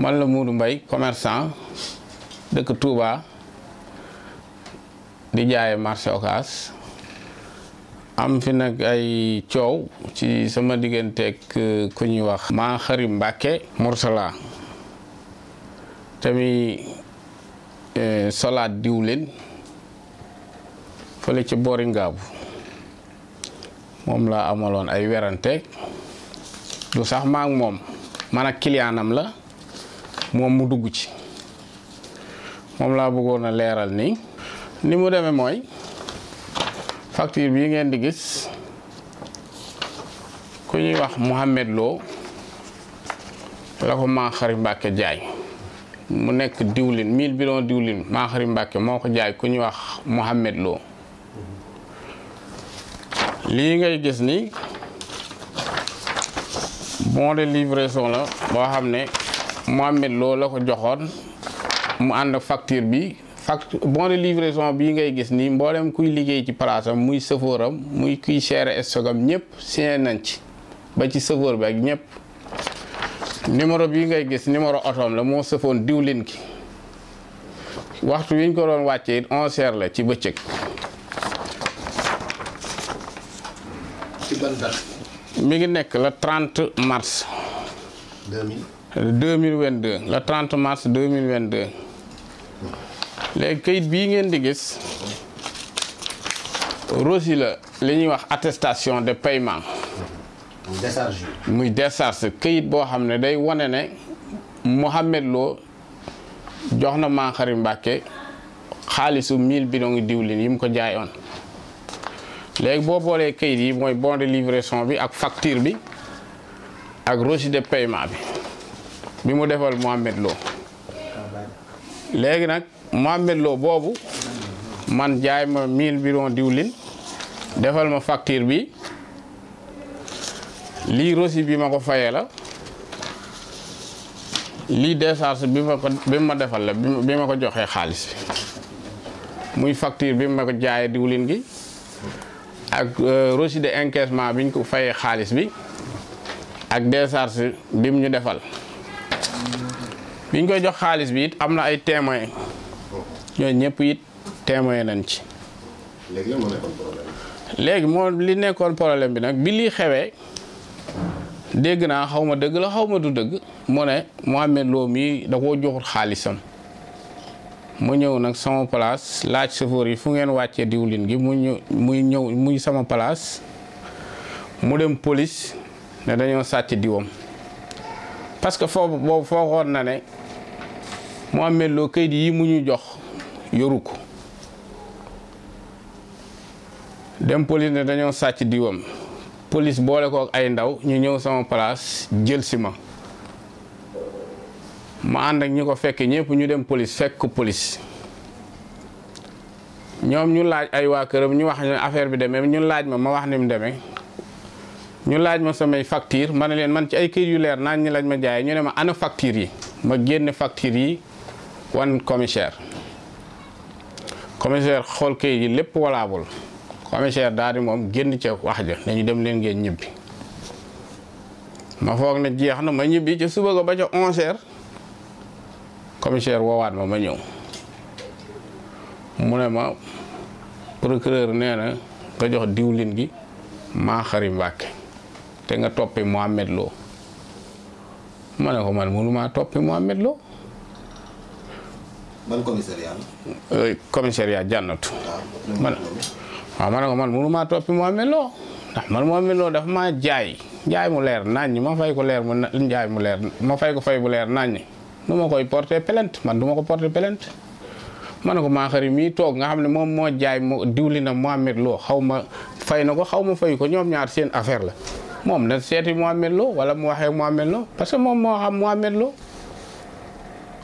man la Modou mbay commerçant dëkk Touba di jaaye marché Ocass am fi nag ay coow ci sama digganteeg euh, ku ñuy wax maa xari Mbàkke Mursala tamit euh, solaat diwlin fële ci boori ngaabu moom laa amaloon ay werante lu sax maak moom man ak client la moom mu dugg ci moom laa bëggoon a leeral ni ni mu demee mooy facture bii ngeen di gis ku ñuy wax Mouhamed Lo la ko Maaxari Mbàkke jaay mu nekk diwlin 1000 bidon diwlin Maaxari Mbàkke moo ko jaay ku ñuy wax Mouhamed Lo lii ngay gis ni bon de livraison la boo xam ne Mohamed Lo la ko joxoon mu ànd ak facture bi facture bon de livraison bii ngay gis nii mboolem kuy liggéey ci palaasam muy sëfooram muy kuy seere stogam ñëpp signé nañ ci ba ci sëfoor bi ak ñëpp numéro bii ngay gis numéro otoom la moo sëfoon diwlin ki waxtu wiñ ko doon wàcce it onze la ci bëccëg mi ngi nekk le 30 mars 2000 2022 le 30 mars 2022 léegi kayit bii ngeen di gis rosi la li ñuy wax attestation de paiement muy décharge kayit boo xam ne day wane ne Mouhamed Lo jox na Makhari Mbàkke xaalisu bi 1000 bidon diwlin yi mu ko jaayoon léegi boo boolee kayit yi mooy bon de bi ak facture bi ak reçu de paiement bi bi mu defal Mohamed Lo léegi nag Mohamed Lo boobu man jaay ma 1000 bidon diwlin defal ma facture bi lii reçu bi ma ko fayee la lii décharge bi ma ko bi ma defal la bi ma ko joxee xaalis muy facture bi ma ko jaayee diwlin gi ak euh, reçu de encaissement biñ ko fayee xaalis bi ak décharge bi mu ñu defal biñ koy jox xaalis bi it am na ay témoin ñooñu ñëpp it témoin nañ ci. léegi moo léegi moom li nekkoon problème bi nag bi lii xewee dégg naa xaw ma dëgg la xaw ma du dëgg mu ne mu Lo mii da koo joxut xaalisam mu ñëw nag sama place laaj chauffeur yi fu ngeen wàccee diwlin gi mu ñu muy ñëw muy sama place mu dem police ne dañoo sàcc diwam. parce que foofu boobu foogoon na ne mu Mohamed Lo kayit yi mu ñu jox yoru ko dem police ne dañoo sàcc diwam police boole ko ay ndaw ñu ñëw sama place jël si ma ma ànd ak ñu ko fekke ñëpp ñu dem police fekk ko police ñoom ñu laaj ay waa këram ñu wax ne affaire bi demee ñu laaj ma ma wax ni mu demee ñu laaj ma samay facture ma ne leen man ci ay kër yu leer naañ ñi lañ ma jaayee ñu ne ma ana facture yi ma génn facture yi wan commissaire commissaire xool kayit yi lépp walaabul commissaire daal di moom génn ca wax ja ne ñu dem leen ngeen ñibbi ma foog na jeex na ma ñibbi ca suba ga ba ca onze commissaire woowaat ma ma ñëw mu ne ma procureur nee na nga jox diwlin gi maa xari Mbàkke te nga toppe Mohamed Lo ma ne ko man mënumaa toppe Mohamed Lo. ban commissariat la. Euh, commissariat ne ko man mënumaa toppe Mohamed Lo ndax man Mohamed Lo dafa maa jaay jaay mu leer naññ ma fay ko leer mu jaay mu leer ma fay ko bu leer naññ nu ma koy porte pelent man du ma ko porte plainte ma ne ko maa xari mii toog nga xam ne moom moo jaay mo diwli na Mohamed loo xaw ma fay na ko xaw ma fay ko ñoom ñaar seen affaire la. moom na seeti Mohamed Lo wala mu waxee Mohamed Lo parce que moom moo xam Mohamed Lo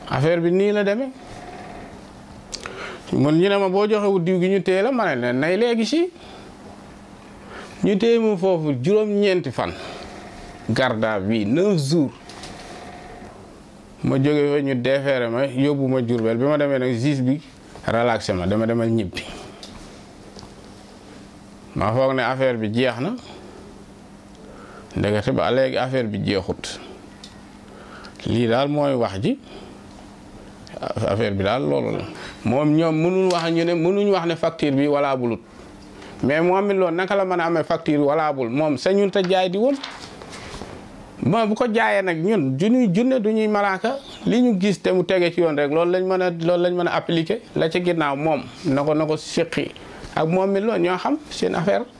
affaire bi nii la demee mun ñu ne ma boo joxewul diw gi ñu téye la ma ne leen nay léegi si ñu téye mu foofu juróom-ñeenti fan garda bi neuf jours ma jóge fa ñu defeere ma yóbbu ma Jurbel bi ma demee nag juge bi relaxé ma dama demal ñibbi ma foog ne affaire bi jeex na ndegete ba léegi affaire bi jeexut lii daal mooy wax ji affaire bi daal loolu la moom ñoom mënuñ wax ñu ne mënuñ wax ne facture bi walaa bulut mais moom it loolu naka la mën a amee facture walaa bul moom sañun te jaay di woon bon bu ko jaayee nag ñun juñuy junne du ñuy malaaka li ñu gis te mu tege ci yoon rek loolu lañ mën a loolu lañ mën a appliquer la ci ginnaaw moom na ko na ko séqi ak moom mi loolu ñoo xam seen affaire